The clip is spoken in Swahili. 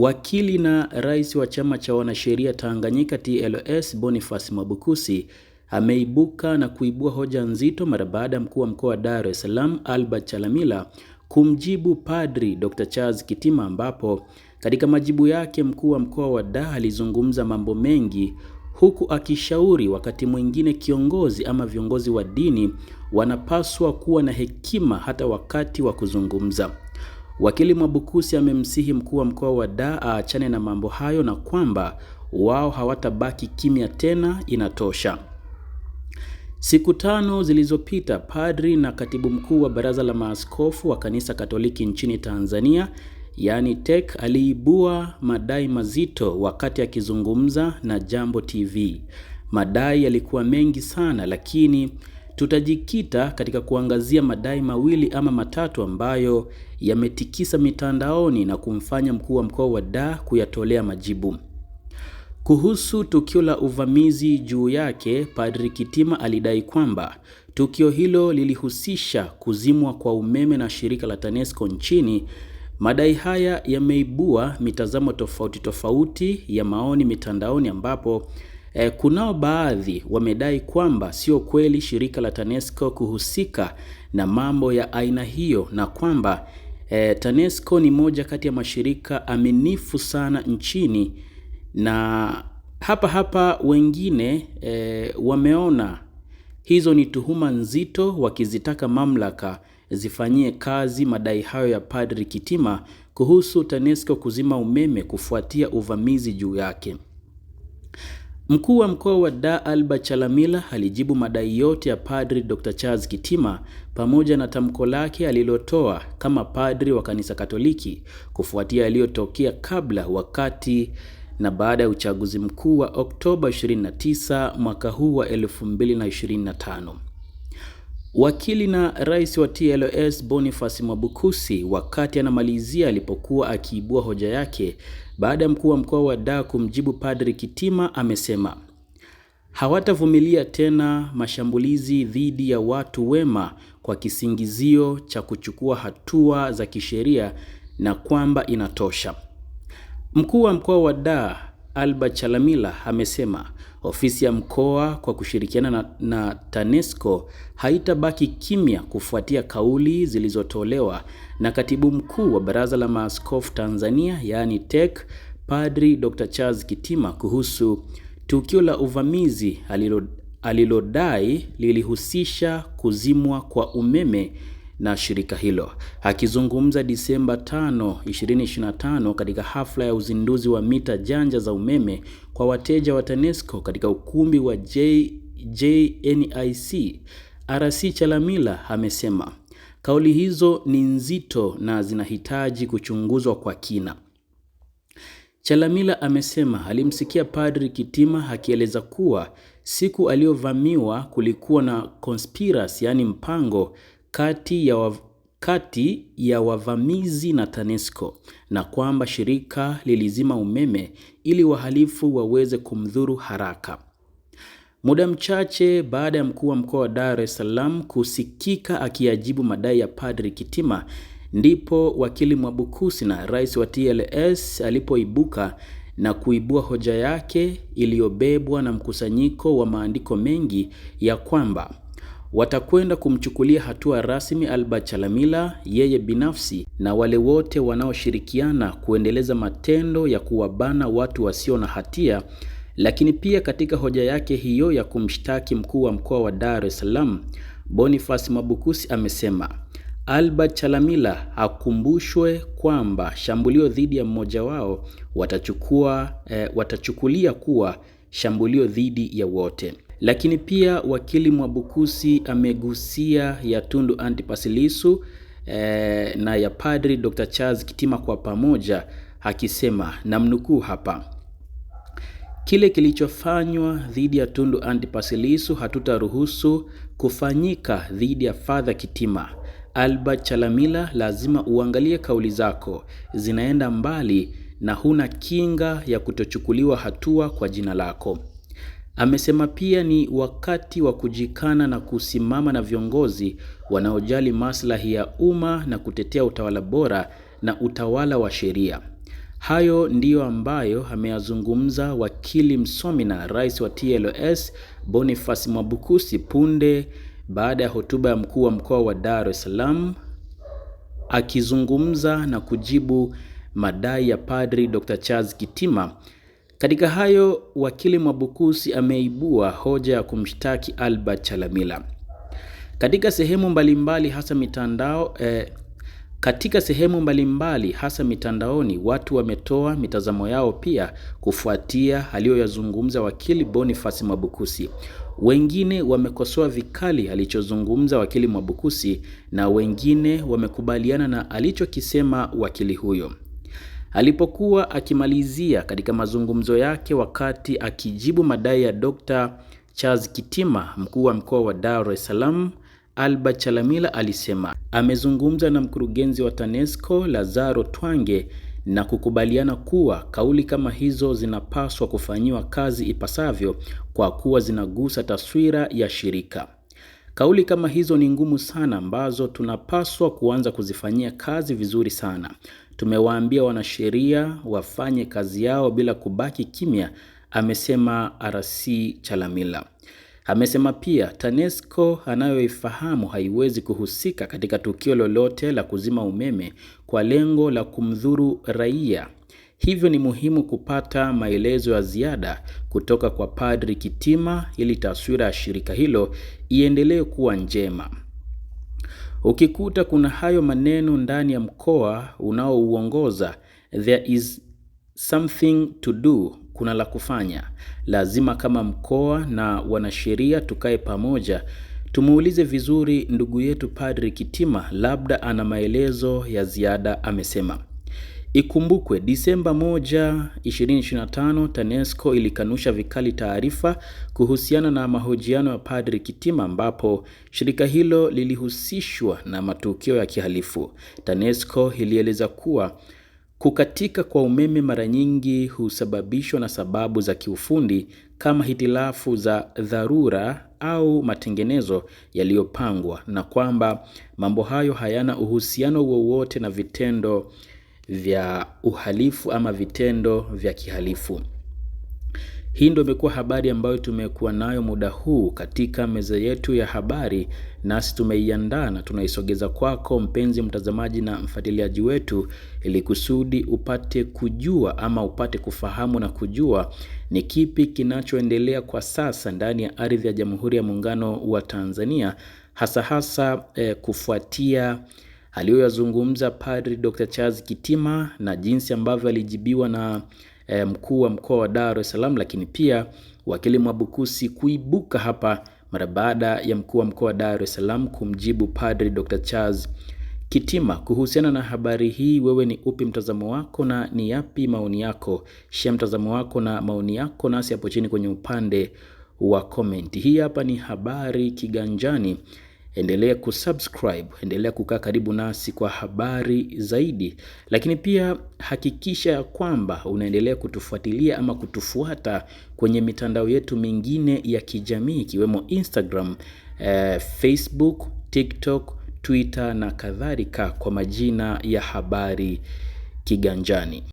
Wakili na rais wa chama cha wanasheria Tanganyika TLS Boniface Mwabukusi ameibuka na kuibua hoja nzito mara baada ya mkuu wa mkoa wa Dar es Salaam Albert Chalamila kumjibu Padri Dr. Charles Kitima ambapo katika majibu yake mkuu wa mkoa wa Dar alizungumza mambo mengi huku akishauri wakati mwingine kiongozi ama viongozi wa dini wanapaswa kuwa na hekima hata wakati wa kuzungumza. Wakili Mwabukusi amemsihi mkuu wa mkoa wa Dar aachane na mambo hayo na kwamba wao hawatabaki kimya tena, inatosha. Siku tano zilizopita, padri na katibu mkuu wa Baraza la Maaskofu wa Kanisa Katoliki nchini Tanzania yaani TEC aliibua madai mazito wakati akizungumza na Jambo TV. Madai yalikuwa mengi sana, lakini tutajikita katika kuangazia madai mawili ama matatu ambayo yametikisa mitandaoni na kumfanya mkuu wa mkoa wa Dar kuyatolea majibu. Kuhusu tukio la uvamizi juu yake, Padri Kitima alidai kwamba tukio hilo lilihusisha kuzimwa kwa umeme na shirika la TANESCO nchini. Madai haya yameibua mitazamo tofauti tofauti ya maoni mitandaoni ambapo E, kunao baadhi wamedai kwamba sio kweli shirika la TANESCO kuhusika na mambo ya aina hiyo na kwamba e, TANESCO ni moja kati ya mashirika aminifu sana nchini na hapa hapa wengine e, wameona hizo ni tuhuma nzito wakizitaka mamlaka zifanyie kazi madai hayo ya Padri Kitima kuhusu TANESCO kuzima umeme kufuatia uvamizi juu yake. Mkuu wa Mkoa wa Dar Alba Chalamila alijibu madai yote ya Padri Dr. Charles Kitima pamoja na tamko lake alilotoa kama padri wa Kanisa Katoliki kufuatia yaliyotokea kabla, wakati na baada ya uchaguzi mkuu wa Oktoba 29 mwaka huu wa 2025. Wakili na rais wa TLS Boniface Mwabukusi wakati anamalizia alipokuwa akiibua hoja yake baada ya mkuu wa mkoa wa Dar kumjibu Padri Kitima amesema hawatavumilia tena mashambulizi dhidi ya watu wema kwa kisingizio cha kuchukua hatua za kisheria na kwamba inatosha. Mkuu wa mkoa wa Dar Alba Chalamila amesema ofisi ya mkoa kwa kushirikiana na, na TANESCO haitabaki kimya kufuatia kauli zilizotolewa na katibu mkuu wa Baraza la Maaskofu Tanzania yaani TEC Padri Dr. Charles Kitima kuhusu tukio la uvamizi alilodai lilihusisha kuzimwa kwa umeme na shirika hilo. Akizungumza Disemba 5, 2025 katika hafla ya uzinduzi wa mita janja za umeme kwa wateja wa TANESCO katika ukumbi wa J, JNIC, RC Chalamila amesema kauli hizo ni nzito na zinahitaji kuchunguzwa kwa kina. Chalamila amesema alimsikia Padri Kitima akieleza kuwa siku aliyovamiwa kulikuwa na conspiracy, yaani mpango kati ya, wav... kati ya wavamizi na TANESCO na kwamba shirika lilizima umeme ili wahalifu waweze kumdhuru haraka. Muda mchache baada ya mkuu wa mkoa wa Dar es Salaam kusikika akiyajibu madai ya Padri Kitima, ndipo wakili mwabukusi na rais wa TLS, alipoibuka na kuibua hoja yake iliyobebwa na mkusanyiko wa maandiko mengi ya kwamba watakwenda kumchukulia hatua rasmi Albert Chalamila, yeye binafsi na wale wote wanaoshirikiana kuendeleza matendo ya kuwabana watu wasio na hatia. Lakini pia katika hoja yake hiyo ya kumshtaki mkuu wa mkoa wa Dar es Salaam Boniface Mwabukusi amesema Albert Chalamila akumbushwe kwamba shambulio dhidi ya mmoja wao watachukua, eh, watachukulia kuwa shambulio dhidi ya wote. Lakini pia wakili Mwabukusi amegusia ya Tundu Antipas Lissu eh, na ya Padri Dr. Charles Kitima kwa pamoja akisema, namnukuu hapa: Kile kilichofanywa dhidi ya Tundu Antipas Lissu hatutaruhusu kufanyika dhidi ya Father Kitima. Albert Chalamila, lazima uangalie kauli zako, zinaenda mbali na huna kinga ya kutochukuliwa hatua kwa jina lako. Amesema pia ni wakati wa kujikana na kusimama na viongozi wanaojali maslahi ya umma na kutetea utawala bora na utawala wa sheria. Hayo ndiyo ambayo ameyazungumza wakili msomi na rais wa TLS Boniface Mwabukusi punde baada ya hotuba ya mkuu wa mkoa wa Dar es Salaam akizungumza na kujibu madai ya Padri Dr. Charles Kitima katika hayo, wakili Mwabukusi ameibua hoja ya kumshtaki Albert Chalamila katika sehemu mbalimbali hasa mitandao eh, katika sehemu mbalimbali hasa mitandaoni watu wametoa mitazamo yao pia kufuatia aliyoyazungumza wakili Boniface Mwabukusi. Wengine wamekosoa vikali alichozungumza wakili Mwabukusi na wengine wamekubaliana na alichokisema wakili huyo. Alipokuwa akimalizia katika mazungumzo yake wakati akijibu madai ya Dr. Charles Kitima, mkuu wa mkoa wa Dar es Salaam, Albert Chalamila alisema amezungumza na mkurugenzi wa TANESCO Lazaro Twange na kukubaliana kuwa kauli kama hizo zinapaswa kufanyiwa kazi ipasavyo kwa kuwa zinagusa taswira ya shirika. Kauli kama hizo ni ngumu sana ambazo tunapaswa kuanza kuzifanyia kazi vizuri sana tumewaambia wanasheria wafanye kazi yao bila kubaki kimya, amesema RC Chalamila. Amesema pia TANESCO anayoifahamu haiwezi kuhusika katika tukio lolote la kuzima umeme kwa lengo la kumdhuru raia. Hivyo ni muhimu kupata maelezo ya ziada kutoka kwa Padri Kitima ili taswira ya shirika hilo iendelee kuwa njema. Ukikuta kuna hayo maneno ndani ya mkoa unaouongoza, there is something to do, kuna la kufanya. Lazima kama mkoa na wanasheria tukae pamoja, tumuulize vizuri ndugu yetu Padri Kitima, labda ana maelezo ya ziada, amesema. Ikumbukwe Disemba 1, 2025, TANESCO ilikanusha vikali taarifa kuhusiana na mahojiano ya Padri Kitima ambapo shirika hilo lilihusishwa na matukio ya kihalifu. TANESCO ilieleza kuwa kukatika kwa umeme mara nyingi husababishwa na sababu za kiufundi kama hitilafu za dharura au matengenezo yaliyopangwa na kwamba mambo hayo hayana uhusiano wowote na vitendo vya uhalifu ama vitendo vya kihalifu. Hii ndio imekuwa habari ambayo tumekuwa nayo muda huu katika meza yetu ya habari, nasi tumeiandaa na tunaisogeza kwako mpenzi mtazamaji na mfuatiliaji wetu, ili kusudi upate kujua ama upate kufahamu na kujua ni kipi kinachoendelea kwa sasa ndani ya ardhi ya Jamhuri ya Muungano wa Tanzania, hasa hasa eh, kufuatia aliyoyazungumza Padri Dr. Charles Kitima na jinsi ambavyo alijibiwa na e, mkuu wa mkoa wa Dar es Salaam, lakini pia wakili Mwabukusi kuibuka hapa mara baada ya mkuu wa mkoa wa Dar es Salaam kumjibu Padri Dr. Charles Kitima kuhusiana na habari hii. Wewe ni upi mtazamo wako na ni yapi maoni yako? Shia mtazamo wako na maoni yako nasi hapo chini kwenye upande wa komenti. Hii hapa ni Habari Kiganjani endelea kusubscribe, endelea kukaa karibu nasi kwa habari zaidi, lakini pia hakikisha ya kwamba unaendelea kutufuatilia ama kutufuata kwenye mitandao yetu mingine ya kijamii ikiwemo Instagram, eh, Facebook, TikTok, Twitter na kadhalika kwa majina ya Habari Kiganjani.